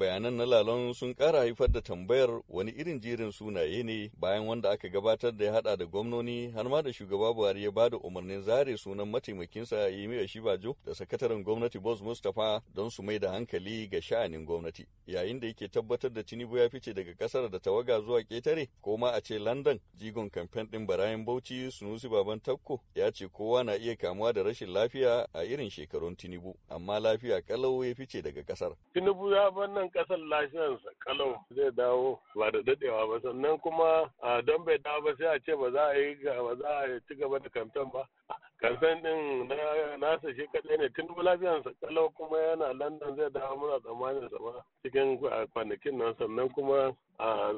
bayanan na lalon sun kara haifar da tambayar wani irin jerin sunaye ne bayan wanda aka gabatar da ya hada da gwamnoni har ma da shugaba buhari ya ba da umarnin zare sunan mataimakinsa yemi shibajo da sakataren gwamnati boss mustapha don su mai da hankali ga sha'anin gwamnati yayin da yake tabbatar da tinubu ya fice daga kasar da tawaga zuwa ketare ko ma a ce london jigon kamfen din barayin bauchi sunusi baban takko ya ce kowa na iya kamuwa da rashin lafiya a irin shekarun tinubu amma lafiya kalau ya fice daga kasar tinubu ya bar nan dan kasar lafiyarsa kalau zai dawo ba da dadewa ba sannan kuma don bai dawo ba sai a ce ba za a yi ba za a ci gaba da kamfen ba kamfen din nasa shi kadai ne tun lafiyarsa kalau kuma yana london zai dawo muna tsammanin sa ba cikin kwanakin nan sannan kuma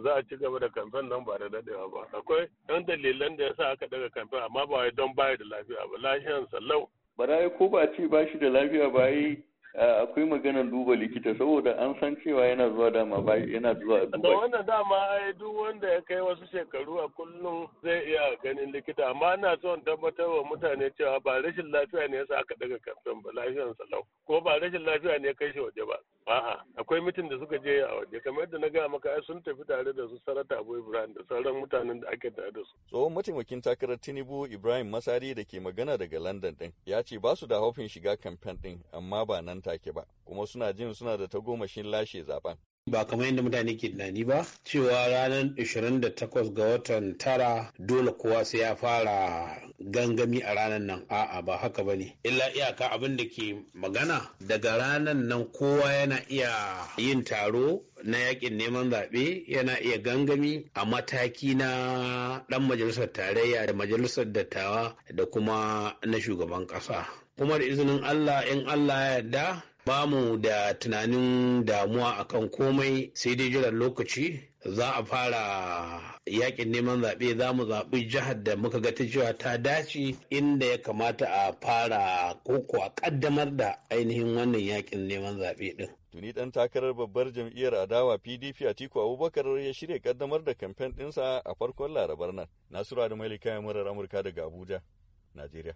za a ci gaba da kamfen nan ba da dadewa ba akwai dan dalilan da yasa aka daga kamfen amma ba wai don baya da lafiya ba lafiyarsa lau ba ko ba ce ba shi da lafiya ba yi Eh, akwai maganar duba likita saboda an san cewa yana zuwa dama ba yana zuwa duba da wannan dama ai duk wanda ya kai wasu shekaru a kullum zai iya ganin likita amma ana son tabbatar wa mutane cewa ba rashin lafiya ne yasa aka daga kamfen ba lafiyar salau ko ba rashin lafiya ne ya kai shi waje ba A'a, akwai mitin da suka je a waje kamar yadda na gaya maka ai sun tafi tare da su Sarata Abu Ibrahim da sauran mutanen da ake tare da su. Tsohon mataimakin takarar Tinubu Ibrahim Masari da ke magana daga London din ya ce ba su da hofin shiga kamfen din amma ba nan take ba kuma suna jin suna da tagomashin lashe zaben. ba kamar yadda mutane ke tunani ba cewa ranar 28 ga watan tara dole kowa sai ya fara gangami a ranar nan a'a ba haka ba ne illa iyaka abin da ke magana daga ranar nan kowa yana iya yin taro na yakin neman zaɓe yana iya gangami a mataki na ɗan majalisar tarayya da majalisar dattawa da kuma na shugaban ƙasa kuma da izinin allah in allah ya yarda ba mu da tunanin damuwa akan komai sai dai jiran lokaci za a fara yakin neman zaɓe za mu zaɓi jihar da muka ga ta cewa ta dace inda ya kamata a fara koko a ƙaddamar da ainihin wannan yakin neman zaɓe ɗin. Tuni ɗan takarar babbar jam'iyyar adawa PDP a Tiku Abubakar ya shirya ƙaddamar da kamfen ɗinsa a farkon larabar nan. nasiru da Malika murar Amurka daga Abuja, Najeriya.